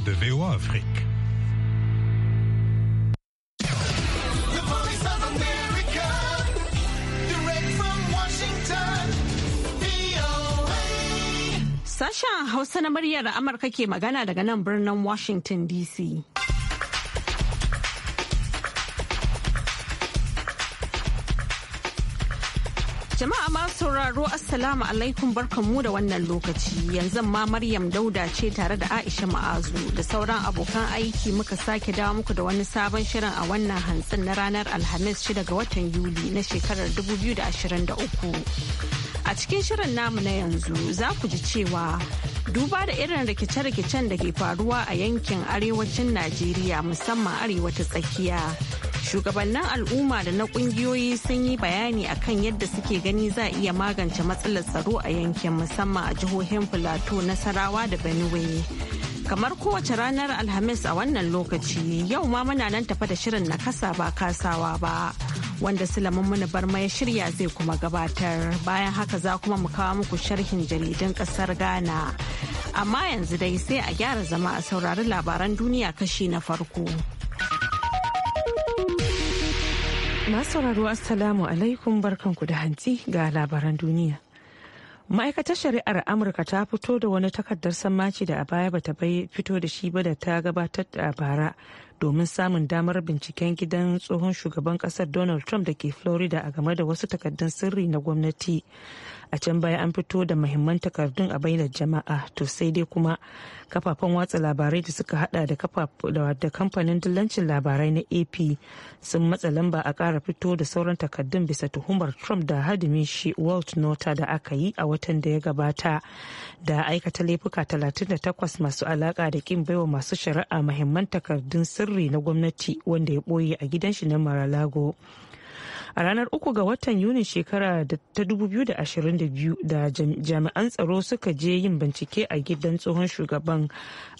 écoute de VOA Afrique. Sashen Hausa na muryar Amurka ke magana daga nan birnin Washington DC. Jama'a ma sauraro Assalamu alaikum barkanmu da wannan lokaci yanzu ma Maryam Dauda ce tare da Aisha Ma'azu da sauran abokan aiki muka sake dawo muku da wani sabon shirin a wannan hantsin na ranar Alhamis 6 daga watan Yuli na shekarar 2023. A cikin shirin namu na yanzu za ku ji cewa duba da irin rikice-rikicen da ke faruwa a yankin arewacin Najeriya musamman arewa ta tsakiya. Shugabannin al'umma da na kungiyoyi sun yi bayani akan yadda suke gani za a iya magance matsalar tsaro a yankin musamman a jihohin Filato, Nasarawa da Benue. Kamar kowace ranar Alhamis a wannan lokaci yau ma muna nan tafa da shirin na kasa ba kasawa ba. wanda Sulaiman Muni Barma ya shirya zai kuma gabatar bayan haka za kuma mu kawo muku sharhin jaridun kasar Ghana. Amma yanzu dai sai a gyara zama a saurari labaran duniya kashi na farko. Masu Assalamu alaikum barkanku da hanci ga labaran duniya. Ma'aikatar shari'ar Amurka ta fito da wani takardar sammaci da a baya bata bai fito da shi ba da ta gabatar da bara domin samun damar binciken gidan tsohon shugaban kasar Donald Trump da ke Florida a game da wasu takardun sirri na gwamnati. a can baya an fito da mahimman takardun a bainar jama'a to sai dai kuma kafafen watsa labarai da suka hada da kamfanin dillancin labarai na ap sun matsa lamba a kara fito da sauran takardun bisa tuhumar trump da hadimin shi walt nota da aka yi a watan da ya gabata da aikata laifuka 38 masu alaka da kin baiwa masu shari'a mahimman takardun sirri na gwamnati wanda ya boye a gidan shi na maralago a ranar uku ga watan yunin shekara ta 2022 da jami'an tsaro suka je yin bincike a gidan tsohon shugaban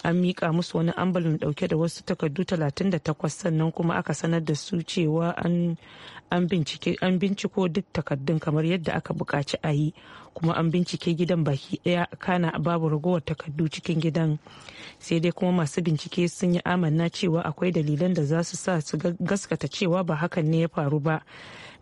an miƙa musu wani ambalin dauke da wasu takardu 38 sannan kuma aka sanar da su cewa an an binciko duk takardun kamar yadda aka bukaci a yi kuma an bincike gidan baki ɗaya kana babu ragowar takardu cikin gidan sai dai kuma masu bincike sun yi amanna cewa akwai dalilan da za su sa su gaskata cewa ba hakan ne ya faru ba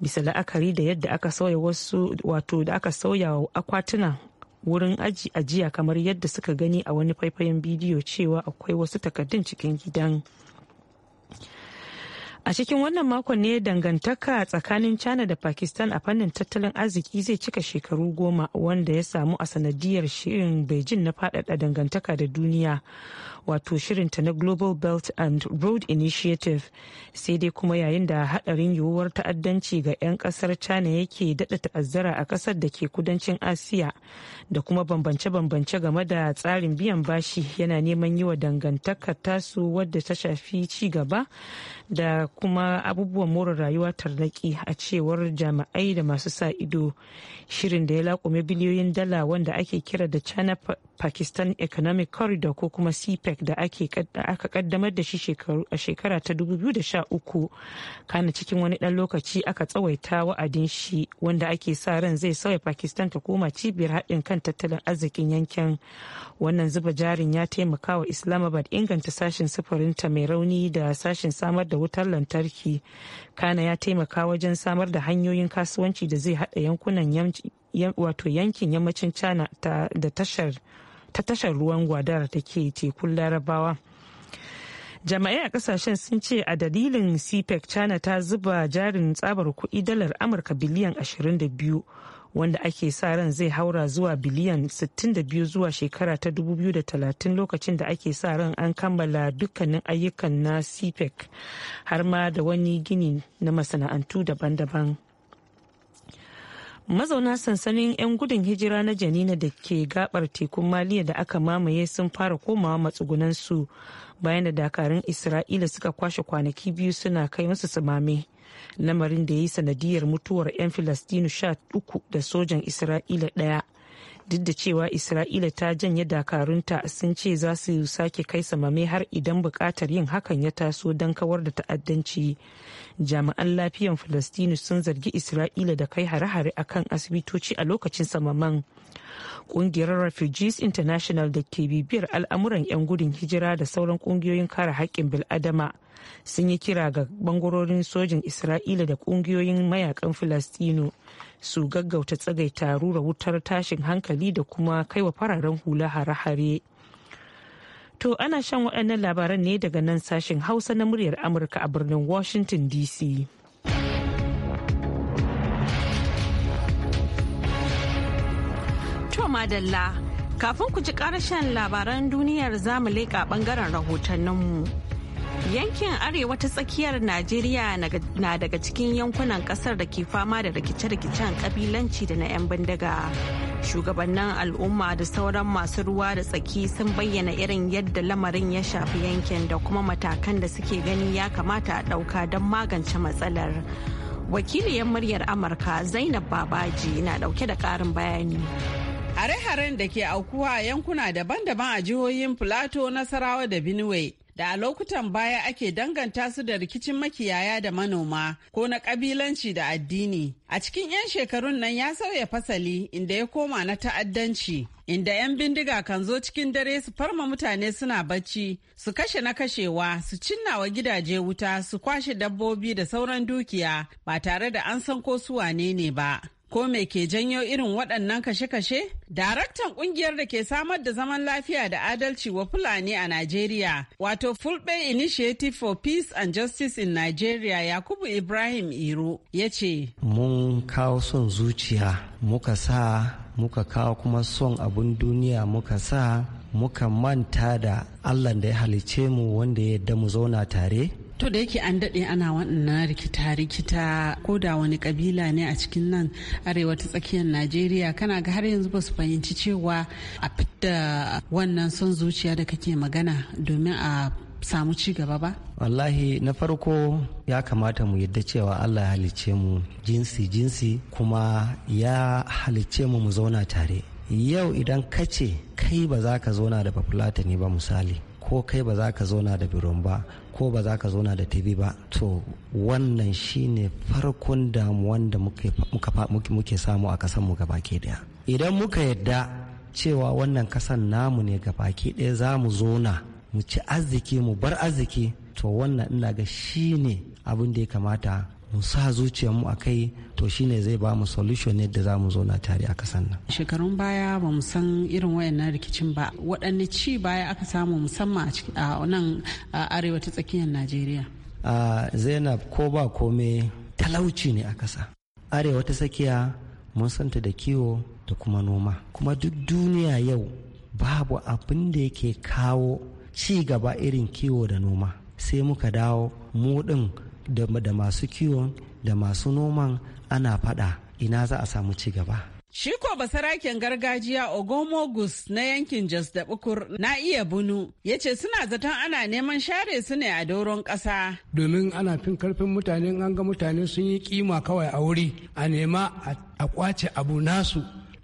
bisa la'akari da yadda aka sauya wasu wato da aka sauya akwatuna wurin aji ajiya kamar yadda suka gani a wani faifayen bidiyo cewa akwai wasu takardun cikin gidan. A cikin wannan makon ne dangantaka tsakanin China da Pakistan a fannin tattalin arziki zai cika shekaru goma wanda ya samu a sanadiyar shirin Beijing na faɗaɗa dangantaka da duniya wato shirinta na Global Belt and Road Initiative sai dai kuma yayin da haɗarin yiwuwar ta'addanci ga 'yan ƙasar China yake daɗa ta'azzara a ƙasar da ke kudancin Asiya da kuma bambance-bambance game da tsarin biyan bashi yana neman yi wa dangantaka tasu wadda ta shafi ci gaba da kuma abubuwan more rayuwa tarnaki a cewar jami'ai da masu sa ido shirin da ya lakume biliyoyin dala wanda ake kira da china pakistan economic corridor ko kuma cpec e da aka kaddamar da shi a shekara ta 2013 kana cikin wani dan lokaci aka tsawaita wa'adin shi wanda ake sa ran zai sauya pakistan ta koma cibiyar haɗin kan tattalin arzikin yankin wannan zuba jarin ya taimaka wa islamabad inganta sashen sufurinta mai rauni da sashen samar da wutar lantarki kana ya taimaka wajen samar da hanyoyin kasuwanci da zai hada yankunan wato yankin yammacin china da ta tashar ruwan gwadar da ke tekun larabawa jama'ai a kasashen sun ce a dalilin cpec e china ta zuba jarin tsabar kuɗi dalar amurka biliyan 22 wanda ake sa ran zai haura zuwa biliyan 62 zuwa shekara ta 2030 lokacin da ake sa ran an kammala dukkanin ayyukan na cpec e har ma da wani gini na masana'antu daban-daban mazauna sansanin 'yan gudun hijira na janina da ke gabar tekun maliya da aka mamaye sun fara komawa matsugunansu bayan da dakarun isra'ila suka kwashe kwanaki biyu suna kai musu sumame. lamarin da ya yi sanadiyar mutuwar 'yan filastinu sha uku da sojan isra'ila ɗaya duk da cewa isra'ila ta janye dakarunta sun ce za su sake kai samame har idan bukatar yin hakan ya taso don kawar da ta'addanci jami'an lafiyan falastinu sun zargi isra'ila da kai hare-hare a kan asibitoci a lokacin samaman kungiyar refugees international da ke bibiyar al'amuran 'yan gudun hijira da sauran kungiyoyin kare haƙƙin bil'adama sun yi kira ga bangarorin sojin isra'ila da kungiyoyin mayakan filastino su gaggauta tsagaita rura wutar tashin hankali da kuma kaiwa fararen hula hare-hare. To ana shan waɗannan labaran ne daga nan sashen Hausa na muryar Amurka a birnin Washington DC. To madalla, kafin ku ji ƙarshen labaran duniyar zamu leƙa ɓangaren rahotanninmu. Yankin Arewa ta tsakiyar Najeriya na daga cikin yankunan kasar da ke fama da rikice-rikicen kabilanci da na 'yan bindiga. Shugabannin al'umma da sauran masu ruwa da tsaki sun bayyana irin yadda lamarin ya shafi yankin da kuma matakan da suke gani ya kamata a ɗauka don magance matsalar. Wakiliyar muryar Amurka Zainab Babaji na ɗauke da ƙarin bayani. Hare-haren da ke aukuwa yankuna daban-daban a jihohin Plateau, Nasarawa da Benue da a lokutan baya ake danganta su da rikicin makiyaya da manoma ko na kabilanci da addini. A cikin 'yan shekarun nan ya sauya fasali inda ya koma na ta'addanci. Inda 'yan bindiga kan zo cikin dare su farma mutane suna bacci, su kashe na kashewa, su cinnawa gidaje wuta, su kwashe dabbobi da sauran dukiya ba tare da an san ko su wane ne ba. Ko me ke janyo irin waɗannan kashe-kashe? Daraktan ƙungiyar da ke samar da zaman lafiya da adalci wa Fulani a Najeriya, wato Fulbe Initiative for Peace and Justice in Nigeria Yakubu Ibrahim Iro ya ce, Mun kawo son zuciya, muka sa, muka kawo kuma son abin duniya muka sa, muka manta da Allah da ya halice mu wanda ya mu zauna tare To da yake an daɗe ana waɗannan rikita-rikita ko da wani kabila ne a cikin nan arewa ta tsakiyar Najeriya kana ga har yanzu ba su fahimci cewa a fita wannan son zuciya da kake magana domin a samu ci gaba ba? Wallahi na farko ya kamata mu yadda cewa Allah ya halicce mu jinsi-jinsi kuma ya halicce mu mu zauna tare. Yau idan kace kai ba za ka zauna da bafulatani ba misali. ko kai ba za ka zauna da biron ba ko ba za ka zauna da tv ba to wannan shine farkon damuwan da muke samu a kasanmu ke daya idan muka yadda cewa wannan kasan namu ne baki daya za mu zauna mu ci arziki mu bar arziki to wannan ina ga shine abin da ya kamata mu sa zuciyar mu kai to shine zai ba mu solution ne da za mu zauna tare a kasan nan shekarun baya ba mu san irin wayannan rikicin ba waɗanne ci baya aka samu musamman a nan arewa ta tsakiyar najeriya zainab ko ba kome talauci ne a kasa arewa ta tsakiya mun santa da kiwo da kuma noma kuma duk duniya yau babu abin da yake kawo ci gaba irin kiwo da noma sai muka dawo mu din da masu kiwon da masu noman ana fada ina za a samu ci gaba. Shiko ko basaraken gargajiya Ogomogus na yankin Jos da Bukur na iya bunu ya ce suna zaton ana neman share su ne a doron ƙasa. Domin ana fin karfin mutane an ga mutane sun yi kima kawai a wuri a nema a kwace abu nasu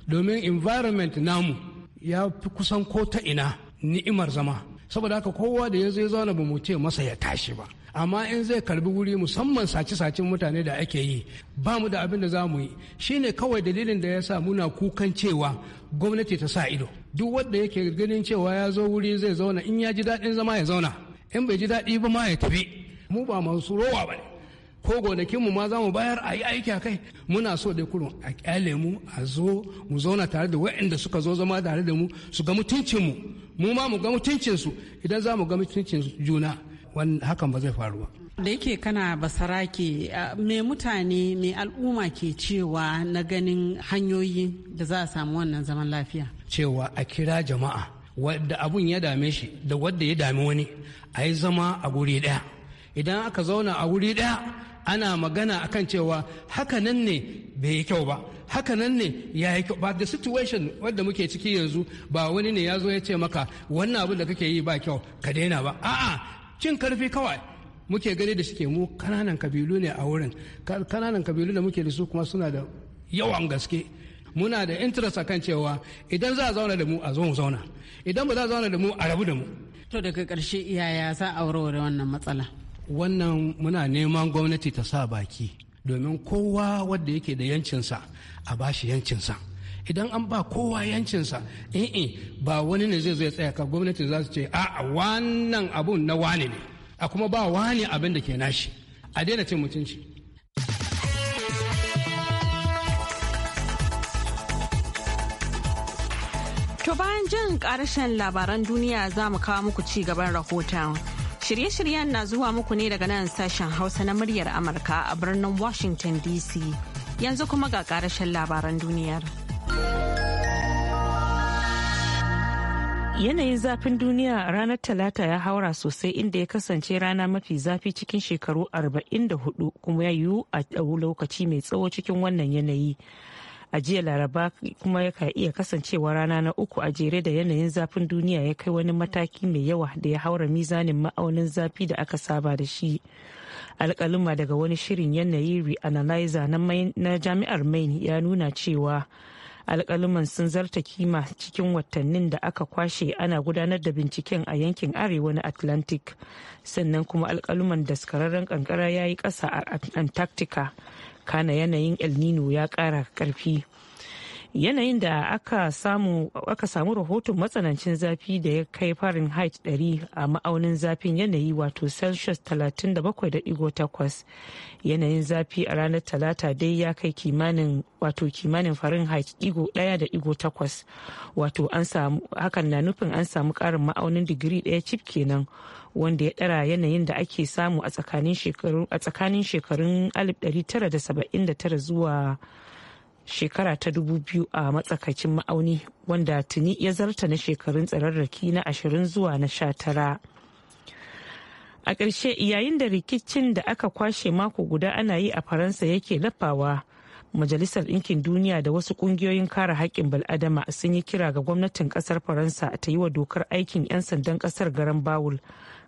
domin environment namu ya fi kusan ko ta ina ni'imar zama. Saboda haka kowa da ya zai zauna ba mu ce masa ya tashi ba. amma in zai karbi wuri musamman sace-sacen mutane da ake yi ba mu da abin da za mu yi shine kawai dalilin da ya sa muna kukan cewa gwamnati ta sa ido duk wanda yake ganin cewa ya zo wuri zai zauna in ya ji daɗin zama ya zauna in bai ji daɗi ba ma ya tafi mu ba masu rowa ba ne ko mu ma za mu bayar a yi aiki a kai muna so dai kurun a kyale mu a zo mu zauna tare da waɗanda suka zo zama tare da mu su ga mutuncinmu mu ma mu ga mutuncinsu idan za mu ga mutuncin juna hakan ba zai faru ba da yake kana basarake me mutane me al'umma ke cewa na ganin hanyoyi da za a samu wannan zaman lafiya cewa a kira jama'a wadda abun ya dame shi da wadda ya dami wani a yi zama a guri ɗaya idan aka zauna a guri daya ana magana kan cewa hakanan ne bai yi kyau ba hakanan ne ya yi kyau ba the situation wadda muke ciki yanzu ba wani ne ya zo ya ce maka wannan abin da kake yi ba kyau ka daina ba a'a cin karfi kawai muke gani da suke mu kananan kabilu ne a wurin kananan kabilu da muke da su kuma suna da yawan gaske muna da interest akan cewa idan za a zauna da mu a zo zauna idan ba za a zauna da mu a rabu da mu to daga karshe iyaya za a warware wannan matsala wannan muna neman gwamnati ta sa baki domin kowa wanda yake da yancinsa a bashi yancinsa idan an ba kowa yancinsa eh, eh ba wani ne zai zo ya tsaya ka gwamnati za su ce a wannan abun na wani ne a kuma ba wani abin da ke nashi a daina cin mutunci To bayan jin karshen labaran duniya za mu kawo muku ci gaban rahoton. Shirye-shiryen na zuwa muku ne daga nan sashen Hausa na muryar Amurka a birnin Washington DC. Yanzu kuma ga karashen labaran duniyar. Yanayin zafin duniya ranar Talata ya haura sosai inda ya kasance rana mafi zafi cikin shekaru 44 kuma ya yiwu a lokaci mai tsawo cikin wannan yanayi. A jiya Laraba kuma ya ka iya kasancewa rana na uku a jere da yanayin zafin duniya ya kai wani mataki mai yawa da ya haura mizanin ma'aunin zafi da aka saba da shi. Alkaluma daga wani shirin yanayi re-analyzer na jami'ar Maine ya nuna cewa. alkaluman sun zarta kima cikin watannin da aka kwashe ana gudanar da binciken a yankin arewa na atlantic sannan kuma alkaluman daskararren kankara ya yi kasa a antarctica kana yanayin el nino ya kara karfi. yanayin da aka samu rahoton matsanancin zafi da ya kai farin height 100 a ma'aunin zafin yanayi wato celsius 37.8 yanayin zafi a ranar talata dai ya kai kimanin wato kimanin farin height 1.8 wato hakan na nufin an samu karin ma'aunin digiri daya cif kenan wanda ya dara yanayin da ake samu a tsakanin shekarun 1979 zuwa shekara ta dubu biyu a matsakaicin ma'auni wanda tuni ya zarta na shekarun tsararraki na ashirin zuwa na sha tara. a ƙarshe yayin da rikicin da aka kwashe mako guda ana yi a faransa yake lafawa majalisar ɗinkin duniya da wasu ƙungiyoyin kare haƙƙin bal'adama sun yi kira ga gwamnatin ƙasar faransa ta yi wa dokar aikin 'yan sandan ƙasar garan bawul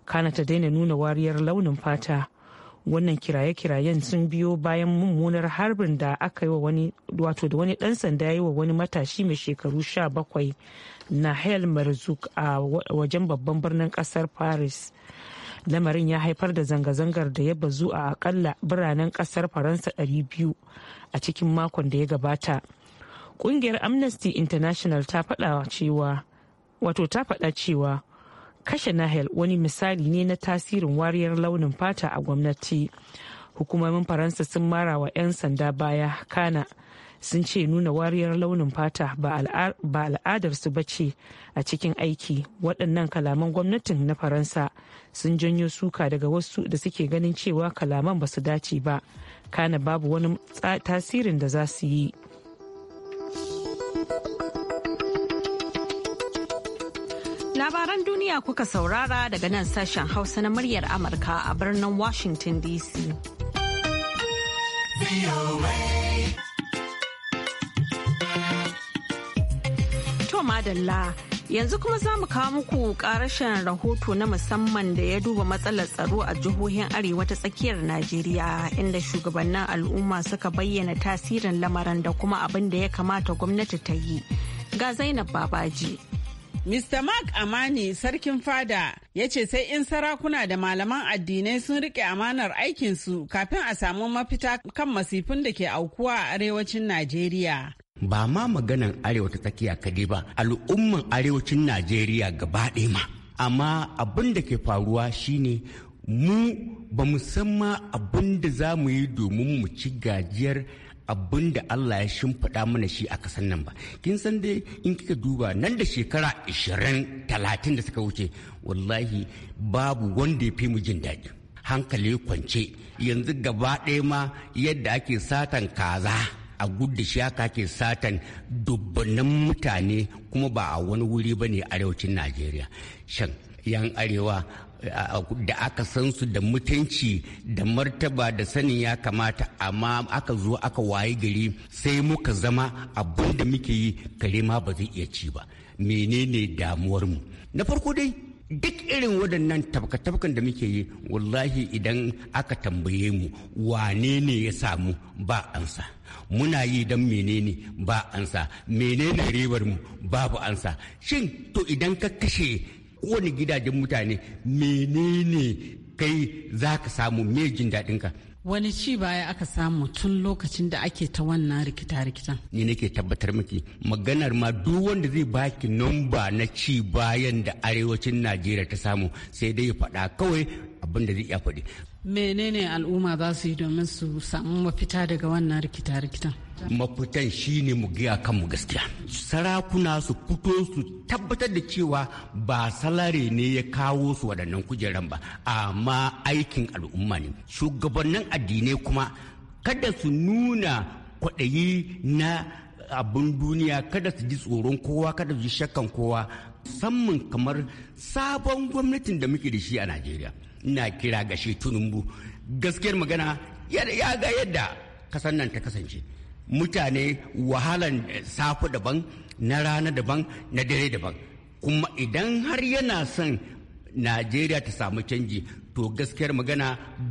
kana ta daina nuna wariyar launin fata wannan kiraye-kirayen sun biyo bayan mummunar harbin da aka yi wa wani wato da wani dan sanda ya yi wa wani matashi mai shekaru sha bakwai na hel marzuk a wajen babban birnin kasar paris lamarin ya haifar da zanga-zangar da ya bazu a akalla biranen kasar faransa 200 a cikin makon da ya gabata kungiyar amnesty international ta faɗa wato ta faɗa cewa kashe nahel wani misali ne na tasirin wariyar launin fata a gwamnati hukumomin faransa sun mara wa 'yan sanda baya kana sun ce nuna wariyar launin fata ba al'adarsu ba ce a cikin aiki waɗannan kalaman gwamnatin na faransa sun janyo suka daga wasu da suke ganin cewa kalaman ba su dace ba kana babu wani tasirin da za su yi Labaran duniya kuka saurara daga nan sashen Hausa na muryar Amurka a birnin Washington DC. To madalla yanzu kuma za mu kawo muku karashen rahoto na musamman da ya duba matsalar tsaro a jihohin arewa ta tsakiyar najeriya inda shugabannin al'umma suka bayyana tasirin lamarin da kuma abin da ya kamata gwamnati ta yi ga zainab babaji Mr. Mark Amani sarkin fada ya ce sai in sarakuna da malaman addinai sun rike amanar aikinsu kafin a samu mafita kan masifin da ke aukuwa a arewacin Najeriya. Ba ma maganan arewa ta tsakiya kadai ba al'umman arewacin Najeriya gaba ɗaya ma. Amma abin da ke faruwa shine mu ba mu san ma abin da za mu yi domin mu ci gajiyar abin da Allah ya shimfiɗa mana shi a kasan nan ba kin san dai in kika duba nan da shekara 20 talatin da suka wuce wallahi babu wanda ya fi mu jin daɗi hankali kwance yanzu gaba ɗaya ma yadda ake satan kaza a gudda shi aka ke satan dubbanin mutane kuma ba a wani wuri ba ne arewacin najeriya shan yan arewa da aka san su da mutunci da martaba da sanin ya kamata amma aka zo aka waye gari sai muka zama abin da muke yi kare ma ba zai iya ci ba menene damuwarmu na farko dai duk irin waɗannan tabka-tabkan da muke yi wallahi idan aka tambaye mu wane ne ya samu ba ansa muna yi don menene ba ansa menene ribar mu babu ansa shin to idan ka kashe kowane gidajen mutane menene kai za ka samu me jin daɗinka wani ci baya aka samu tun lokacin da ake ta wannan rikita-rikitan. Ni nake tabbatar miki maganar ma duk wanda zai baki nomba na ci bayan da arewacin Najeriya ta samu sai dai ya faɗa kawai abin da zai iya faɗi. menene al'umma za su yi domin su samu mafita daga wannan rikita-rikitan mafitan shine mu giya mu gaskiya sarakuna su fito su tabbatar da cewa ba salare ne ya kawo su waɗannan kujeran ba amma aikin al'umma ne shugabannin addinai kuma kada su nuna kwaɗayi na abin duniya kada su ji tsoron kowa kada su ji shakkan kowa musamman kamar sabon gwamnatin da muke da shi a najeriya na kira ga shi tunumbu gaskiyar magana ya ga yadda kasan nan ta kasance mutane wahalan eh, safe daban na rana daban na dare daban kuma idan har yana son najeriya ta samu canji to gaskiyar magana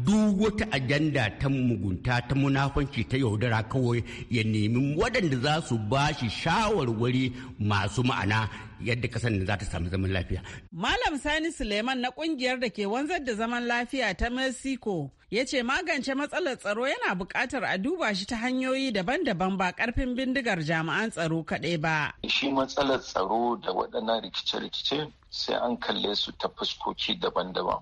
duk wata ajanda ta mugunta ta munafanci ta yaudara kawai ya nemi waɗanda za su ba shi shawarwari masu ma'ana yadda kasan za ta sami zaman lafiya. Malam Sani Suleiman na ƙungiyar da ke wanzar da zaman lafiya ta Mexico ya ce magance matsalar tsaro yana buƙatar a duba shi ta hanyoyi daban-daban ba karfin bindigar jami'an tsaro kaɗai ba. Shi matsalar tsaro da waɗannan rikice-rikice sai an kalle su ta fuskoki daban-daban.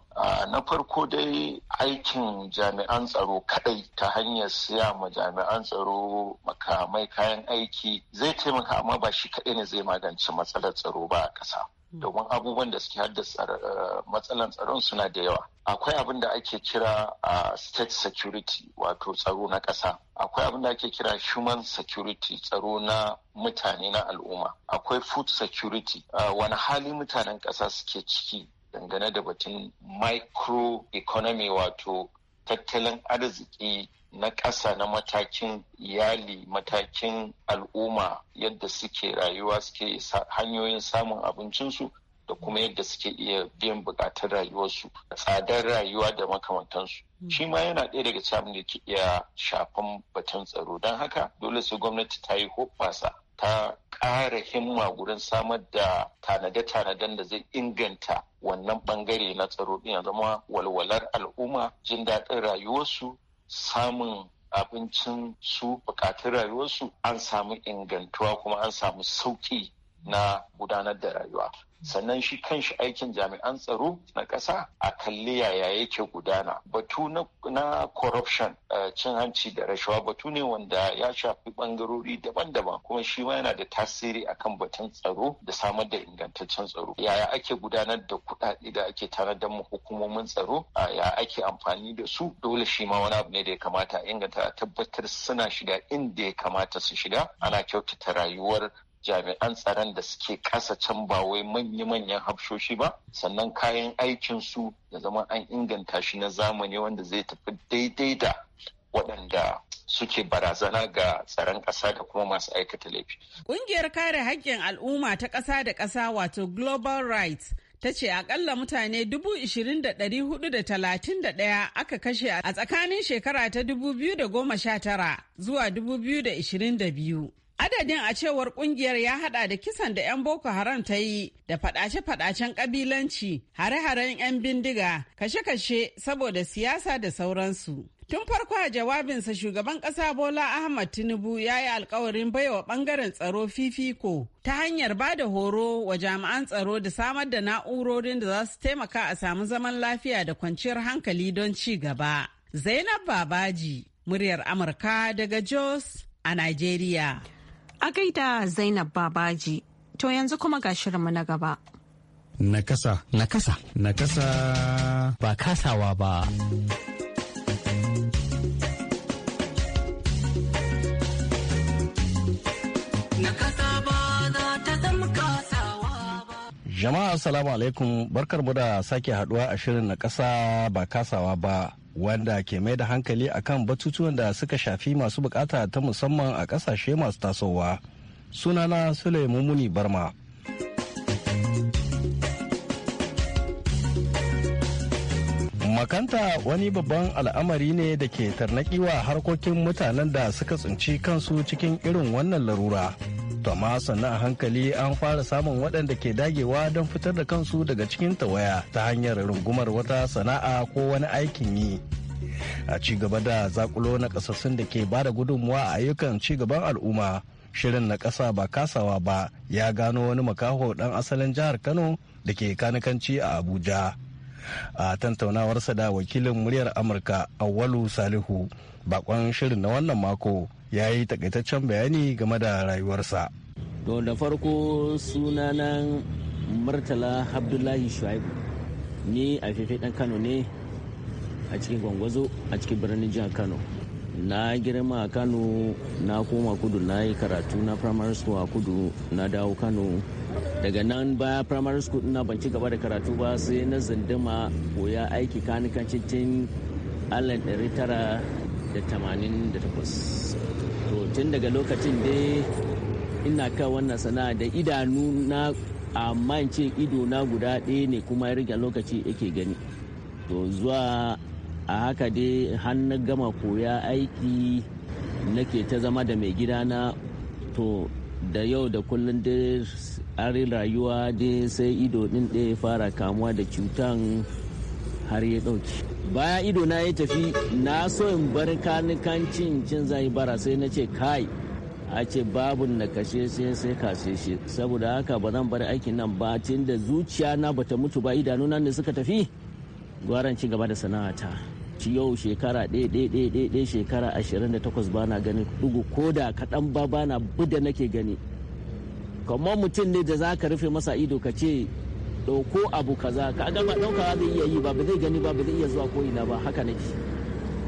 Na farko dai aikin jami'an tsaro kaɗai ta hanyar siya ma jami'an tsaro makamai kayan aiki zai taimaka amma ba shi kaɗai ne zai magance matsalar tsaro ba a ƙasa. domin abubuwan da suke haddasa eh, matsalan tsaron suna da yawa akwai abin da ake kira a eh, state security wato tsaro na ƙasa akwai abin da ake kira human security tsaro na mutane na al'umma akwai food security eh, wani hali mutanen ƙasa suke ciki dangane da batun micro-economy wato tattalin arziki na ƙasa na matakin iyali matakin al'umma yadda suke rayuwa suke hanyoyin samun abincinsu da kuma yadda suke iya biyan buƙatar rayuwarsu tsadar rayuwa da makamantansu mm. shi ma yana ɗaya daga cikin da ke iya shafan batun tsaro don haka dole sai gwamnati ta yi hoɓɓasa ta ƙara himma gurin samar da tanade-tanaden da zai inganta wannan ɓangare na tsaro ɗin zama walwalar al'umma jin daɗin rayuwarsu samun abincin su bukatun rayuwarsu an samu ingantuwa kuma an samu sauki na gudanar da rayuwa sannan shi kanshi aikin jami'an tsaro na ƙasa a kalli yaya yake gudana batu na corruption eh, cin hanci da rashawa batu ne wanda ya shafi bangarori daban-daban kuma shi ma yana da tasiri akan batun tsaro da samar da ingantaccen tsaro yaya ake gudanar da kuɗaɗe da ake tanar da hukumomin tsaro ya ake amfani da su dole shi ma wani abu ne da ya kamata a inganta tabbatar suna shiga inda ya kamata su shiga ana kyautata rayuwar jami'an tsaron da suke kasa can ba wai manya-manyan hafshoshi ba sannan kayan aikin su da zama an inganta shi na zamani wanda zai tafi daidai da waɗanda suke barazana ga tsaron ƙasa da kuma masu aikata laifi. Ƙungiyar kare haƙƙin al'umma ta ƙasa da ƙasa wato Global Rights ta ce akalla mutane 20,431 aka kashe a tsakanin shekara ta 2019 zuwa 2022. Adadin a cewar kungiyar ya hada da kisan da 'yan Boko Haram ta yi da fadace-fadacen kabilanci, hare-haren 'yan bindiga, kashe-kashe saboda siyasa da sauransu. Tun farko a jawabinsa shugaban ƙasa Bola Ahmad Tinubu ya yi alkawarin baiwa ɓangaren tsaro fifiko ta hanyar ba da horo wa jami'an tsaro da samar da na'urorin da za su taimaka a samu zaman lafiya da kwanciyar hankali don ci gaba. Zainab Babaji, muryar Amurka daga Jos a Najeriya. A gaida Zainab Babaji, to yanzu kuma ga shirinmu na gaba. Nakasa. Nakasa. Nakasa. Ba kasawa ba. Jama'a assalamu alaikum barkar mu da sake haduwa a shirin na kasa ba kasawa ba wanda ke mai da hankali akan batutuwan da suka shafi masu bukata ta musamman a kasashe masu tasowa. Sunana Suleiman Muni Barma. makanta wani babban al'amari ne da ke tarnaƙi wa harkokin mutanen da suka tsinci kansu cikin irin wannan larura to amma sannan a hankali an fara samun waɗanda ke dagewa don fitar da kansu daga cikin tawaya ta hanyar rungumar wata sana'a ko wani aikin yi a ci gaba da zakulo na ƙasassun da ke bada gudunmuwa a ayyukan ci gaban al'umma shirin na ƙasa ba kasawa ba ya gano wani makaho ɗan asalin jihar kano da ke kanikanci a abuja a tantaunawarsa da wakilin muryar amurka auwalu salihu bakon shirin na wannan mako ya yi takaitaccen bayani game da rayuwarsa to da farko sunanan murtala abdullahi shuaibu ni a fefe dan kano ne a cikin gwangwazo a cikin birnin jihar kano na girma a kano na koma kudu na yi karatu na primary school a kudu na dawo kano daga nan baya primary school na ban ci gaba da karatu ba sai na zindima koya aiki kanikan tun allen 1988 to tun daga lokacin dai ina kan wannan sana'a da idanu na amma ce ido na guda ɗaya ne kuma ya riga lokaci yake gani to zuwa a haka dai har gama koya aiki nake ta zama da mai gida na to da yau da kullum dai arin rayuwa dai sai ido din ya fara kamuwa da cutan har ya dauki. baya ido na ya tafi na so in bar kanikancin cin cin zai bara sai na ce kai a ce babu na kashe sai sai kashe shi saboda haka ba zan bar aikin nan ba tun da zuciya na bata mutu ba idanu nan ne suka tafi gwaran ci gaba da sana'ata yau shekara ɗaya shekara 28 ba na gani ɗugu ko da kaɗan ba ba na buda nake gani kamar mutum ne da za ka rufe masa ido ka ce ɗauko abu kaza ka ga ba ɗauka zai iya yi ba ba zai gani ba ba zai iya zuwa ko ina ba haka nake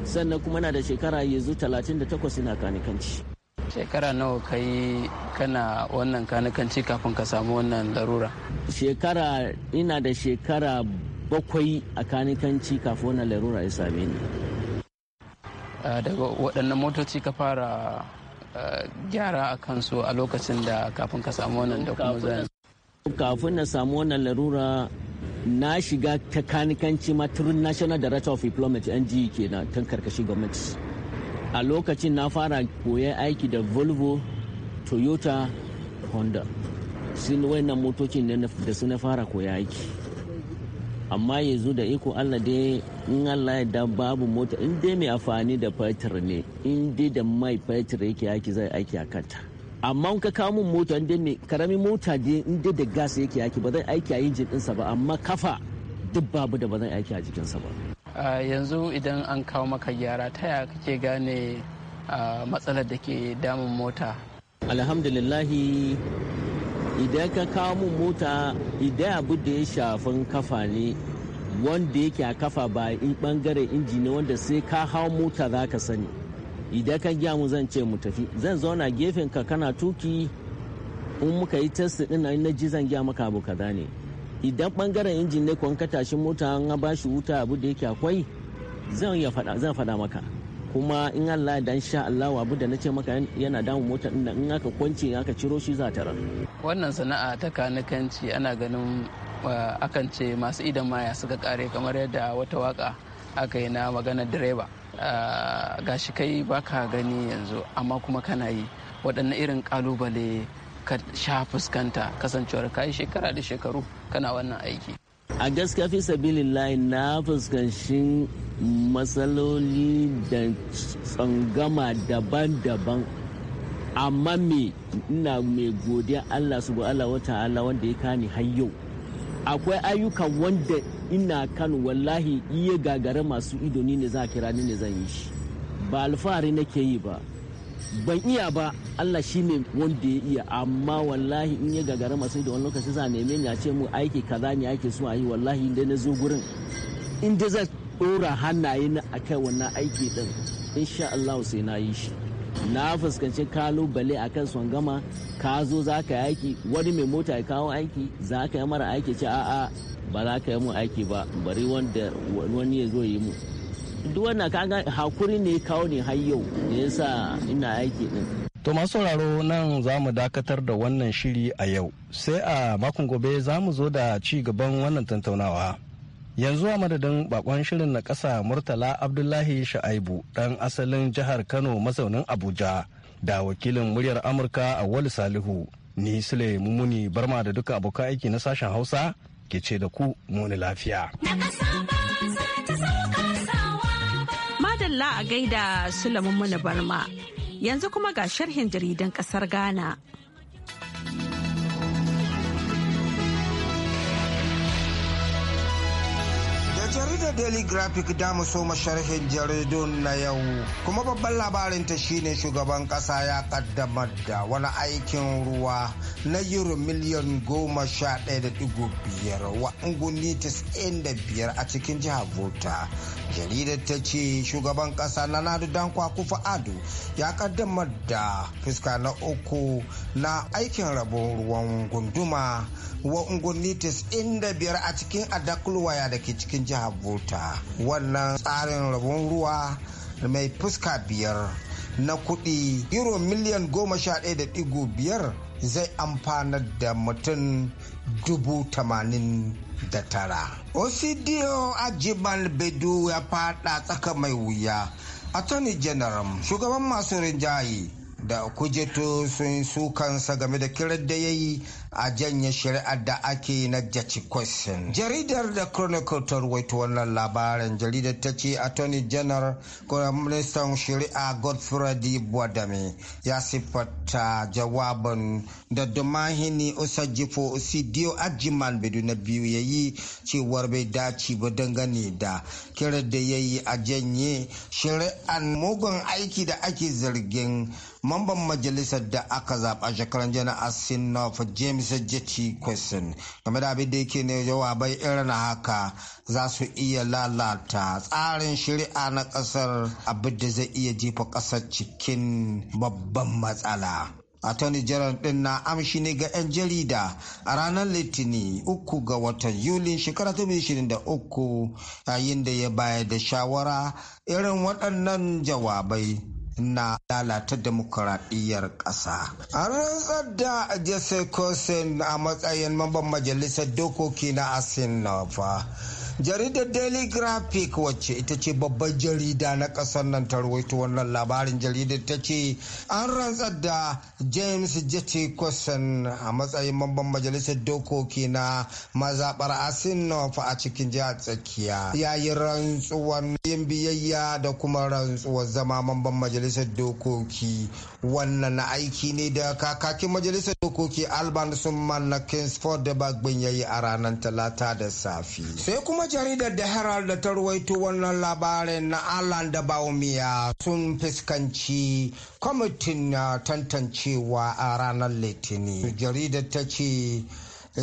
sannan kuma na da shekara yanzu 38 ina kanikanci shekara nawa kai kana wannan kanikanci kafin ka samu wannan larura shekara ina da shekara bakwai a kanikanci kafin wannan larura ya same ni ah, daga waɗannan motoci ka fara ah, gyara a kansu a lokacin da kafin ka samu wannan da kuma zan kafin na samu wannan larura na shiga ta kanikanci ma national director of employment ng e kenan tun karkashin gwamnati a lokacin na fara koyan aiki da volvo toyota honda sun wayannan motocin da su na fara koya aiki amma yanzu da iko allah dai in allah ya da babu mota in dai mai amfani da fetur ne in dai da mai fetur yake yaki zai aiki a kanta amma ka kawo min mota in dai ne karamin mota dai in dai da gas yake yaki ba zan aiki a injin ɗinsa ba amma kafa duk babu da ba zan aiki a jikinsa ba yanzu idan an kawo maka gyara ta ya kake gane matsalar da ke damun mota alhamdulillahi idan ka kawo mun mota idan abu da ya shafin kafa ne wanda yake a kafa ba in bangaren inji ne wanda sai ka hau mota za ka sani idan ka gya mu zan ce mu tafi zan zauna gefen ka kana tuki in muka yi test din na ji zan gya maka abu kaza ne idan bangaren injin ne kwan ka tashi mota an ba shi wuta abu da yake akwai zan faɗa maka kuma in Allah ya dan sha Allah abu da nace maka yana damun mota din in aka kwance aka ciro shi za ta ran wannan sana'a ta kanikanci ana ganin akan ce masu idan maya suka kare kamar yadda wata waka aka yi na magana direba gashi kai baka gani yanzu amma kuma kana yi waɗanne irin kalubale ka sha fuskanta kasancewar kayi shekara da shekaru kana wannan aiki a gaskiya fi layi na fuskanci matsaloli da tsangama daban-daban amma me ina mai godiya allah su Allah wa ta'ala wanda ya kani har akwai ayyukan wanda ina kan wallahi iya gagara masu idoni ne za a kira ni ne zan yi shi ba alfahari nake yi ba ban iya ba Allah shi ne wanda ya iya amma wallahi in ya gagara masu da wani lokaci za neme ni a ce mu aiki kaza ne ake so a yi wallahi inda na zo gurin in da zai hannaye na kai wannan aiki din insha Allah sai na yi shi na fuskanci kalubale a kan son gama ka zo za ka yi aiki wani mai mota ya kawo aiki za ka yi mara aiki ce a'a ba za ka yi mu aiki ba bari wanda wani ya zo yi mu duk wannan kaga hakuri ne kawo ne har yau da yasa ina aiki din To masu sauraro nan za mu dakatar da wannan shiri a yau. Sai a makon gobe za mu zo da ci gaban wannan tantaunawa. Yanzu a madadin bakon shirin na ƙasa Murtala Abdullahi Sha'aibu ɗan asalin jihar Kano mazaunin Abuja da wakilin muryar Amurka a Wali Salihu. Ni Sule Mumuni Barma da duka abokan aiki na sashen Hausa ke ce da ku muni lafiya. Na Allah a gaida Sulaiman Muna Barma. Yanzu kuma ga sharhin jaridan ƙasar Ghana. jaridar daily graphic da mu soma sharhin jaridun na yau kuma babban labarin ta shine shugaban kasa ya kaddamar da wani aikin ruwa na euro miliyan goma sha ɗaya da digo biyar wa unguni da biyar a cikin jihar bota jaridar ta ce shugaban kasa na nadu dankwa kufa ado ya kaddamar da fuska na uku na aikin rabon ruwan gunduma wa unguni da biyar a cikin adakulwaya da ke cikin jihar abota wannan tsarin rabon ruwa mai fuska biyar na kuɗi euro miliyan goma sha da digo biyar zai amfanar da mutum dubu tamanin da tara. Osidio Ajiban Bedu ya fada tsaka mai wuya. Attorney General shugaban masu rinjaye da kujeto sun su game da kiran da ya a janye shari'ar da ake na jaci question jaridar da chronicle ta ruwaito wannan labarin jaridar ta ce attorney general kuma ministan shari'a godfrey bwadame ya siffata jawabin da dumahini osajifo osidio ajiman bedu na biyu ya yi cewar bai dace ba dangane da kira da ya yi a janye shari'ar mugun aiki da ake zargin mamban majalisar da aka zaɓa shekaran jana'a sinof james is a question game da abin da yake ne jawabai irin haka za su iya lalata tsarin shari'a na kasar abin da zai iya jefa kasar cikin babban matsala attorney general din na amshi ne ga 'yan jarida a ranar litini uku ga watan yulin shekara ta uku yayin da ya bayar da shawara irin waɗannan jawabai na lalata demokuraɗiyyar ƙasa. An rantsar da Jesse Coulson a matsayin mamban majalisar dokoki na Asinova. jaridar daily graphic wacce ita ce babbar jarida na ƙasar nan ta rawaito wannan labarin jaridar ta ce an rantsar da james jete kwasan a matsayin babban majalisar dokoki na mazaɓar asinof a cikin jihar tsakiya yayin rantsuwar yin biyayya da kuma rantsuwar zama mamban majalisar dokoki wannan aiki ne da kakakin majalisar dokoki alban summan na kingsford da bagbin yayi a ranar talata da safe sai kuma jaridar da herald da ta ruwaito wannan labarin na allan da baumiya sun fuskanci kwamitin uh, tantancewa a ranar litini jaridar ta ce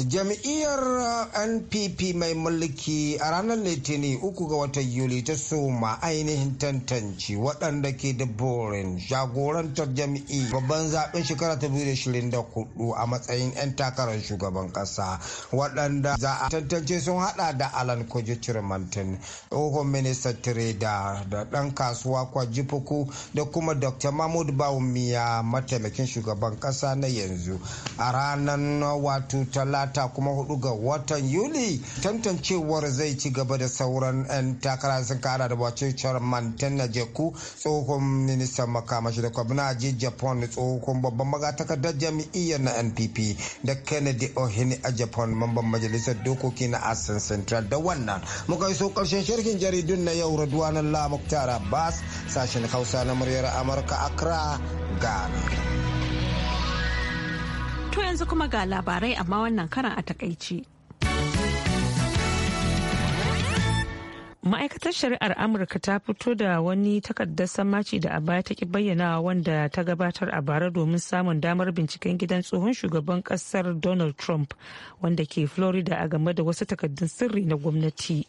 jam'iyyar uh, npp mai mulki a ranar litinin uku ga watan yuli ta soma ainihin tantance waɗanda ke da borin jagorantar jam'i babban zaɓen shekara ta hudu a matsayin 'yan takarar shugaban ƙasa waɗanda za a tantance sun hada da alan kwaji cirmantin tsohon minista tireda da ɗan kasuwa kwaji da kuma dr mahmud bawumiya mataimakin shugaban ƙasa na yanzu a ranar uh, wato talata talata kuma hudu ga watan yuli tantancewar zai ci gaba da sauran 'yan takara sun kara da bace charmantan na jeku tsohon ministan makamashi da kwabna ji japan tsohon babban magatakardar jami'iyyar na npp da kennedy ohini a japan mamban majalisar dokoki na asin central da wannan muka so karshen sharhin jaridun na yau radwanan lamuktar abbas sashen hausa na muryar amurka accra ghana To yanzu kuma ga labarai amma wannan karan a takaici. ma'aikatar shari'ar amurka ta fito da wani takardar samaci da a baya ta ki bayyana wanda ta gabatar a bara domin samun damar binciken gidan tsohon shugaban kasar donald trump wanda ke florida a game da wasu takardun sirri na gwamnati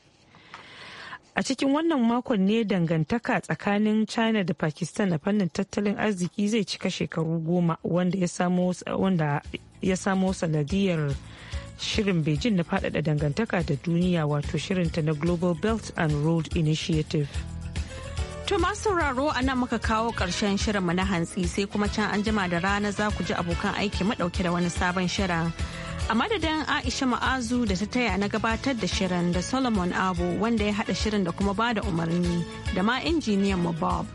a cikin wannan makon ne dangantaka tsakanin china da pakistan a fannin tattalin arziki zai cika shekaru goma wanda ya samo sanadiyar shirin beijing na faɗaɗa dangantaka da duniya wato shirinta na global belt and road initiative To masu sauraro a nan muka kawo ƙarshen shirinmu na hantsi sai kuma can an jima da rana za ku ji abokan aiki madauke da wani sabon shirin. A madadin Aisha Ma'azu da ta taya na gabatar da shirin da Solomon Abu wanda ya haɗa shirin da kuma bada umarni da ma injiniyan mu Bob.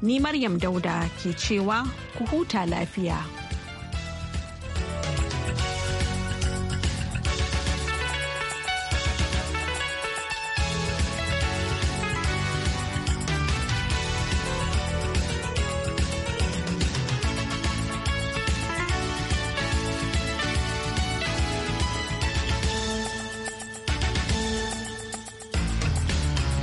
Ni Maryam Dauda ke cewa ku huta lafiya.